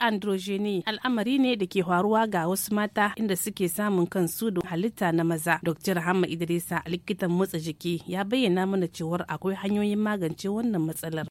androgyny al'amari ne da ke faruwa ga wasu mata inda suke samun kansu da halitta na maza. Dr. Hamma Idrisa likitan motsa jiki ya bayyana mana cewar akwai hanyoyin magance wannan matsalar.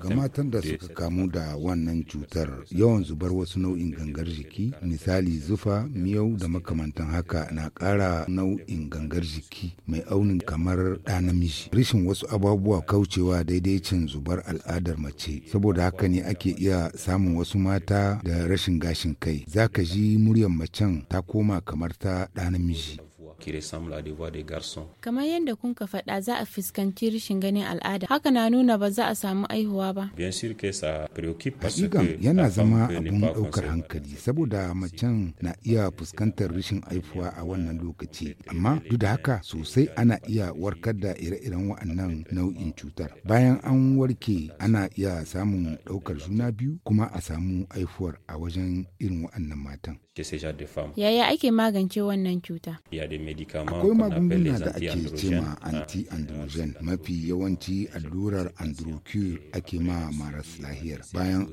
Ga matan da suka kamu da wannan cutar yawan zubar wasu nau'in gangar jiki misali zufa, miyau da makamantan haka na ƙara nau'in gangar jiki mai aunin kamar ɗa namiji. Rishin wasu ababuwa kaucewa daidaicin zubar al'adar mace saboda haka ne ake iya iya samun wasu mata da rashin gashin kai, za ka ji muryar macen ta koma kamar ta ɗa namiji. ki ressemble à des des garçons. Kamar yadda kun ka faɗa za a fuskanci rashin ganin al'ada. Haka na nuna ba za a samu aihuwa ba. Bien sûr que ça préoccupe parce que yana zama abun ɗaukar hankali saboda macen na iya fuskantar rashin aihuwa a wannan lokaci. Amma duk da haka sosai ana iya warkar da ire-iren wa'annan nau'in cutar. Bayan an warke ana iya samun ɗaukar juna biyu kuma a samu aihuwar a wajen irin waɗannan matan. Yaya ake magance wannan cuta? Akwai magunguna da ake cema anti-androgen ah, mafi yawanci allurar androcure ake ma maras lahiyar. Bayan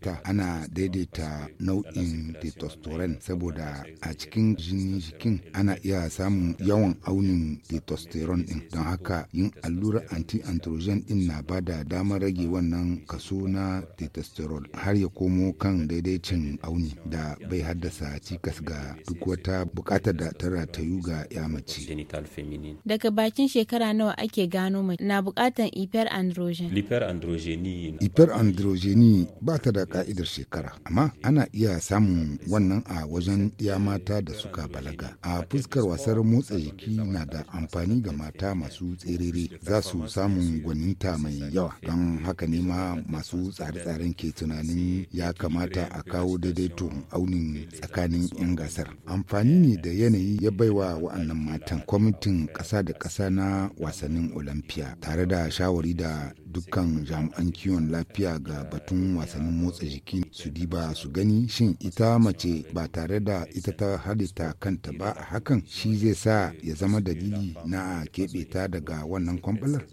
ta, ana daidaita nau'in testosterone saboda a cikin jini jikin ana iya samun yawan aunin testosterone din don haka yin allurar anti-androgen din na bada damar rage wannan kaso na testosterone har ya komo kan daidaicin auni da bai haddasa cikas ga duk wata bukata da ta ratayu ga ya mace. Daga bakin shekara nawa ake gano mace na androgen. hyperandrogen. androgeni ba ta da ka'idar shekara, amma ana iya samun wannan a wajen ya mata da suka balaga. A fuskar wasar motsa jiki na da amfani ga mata masu tserere za su samun gwaninta mai yawa don haka ne ma masu tsare-tsaren ke tunanin ya kamata a kawo daidaito aunin tsakanin tsakanin 'yan gasar. Amfani ne da yanayi ya baiwa wa'annan matan kwamitin ƙasa da ƙasa na wasannin Olamfiya tare da shawari da dukkan jami'an kiwon lafiya ga batun wasannin motsa jiki su diba su gani shin ita mace ba tare da ita ta halitta kanta ba a hakan shi zai sa ya zama dalili na a keɓe ta daga wannan kwamfalar.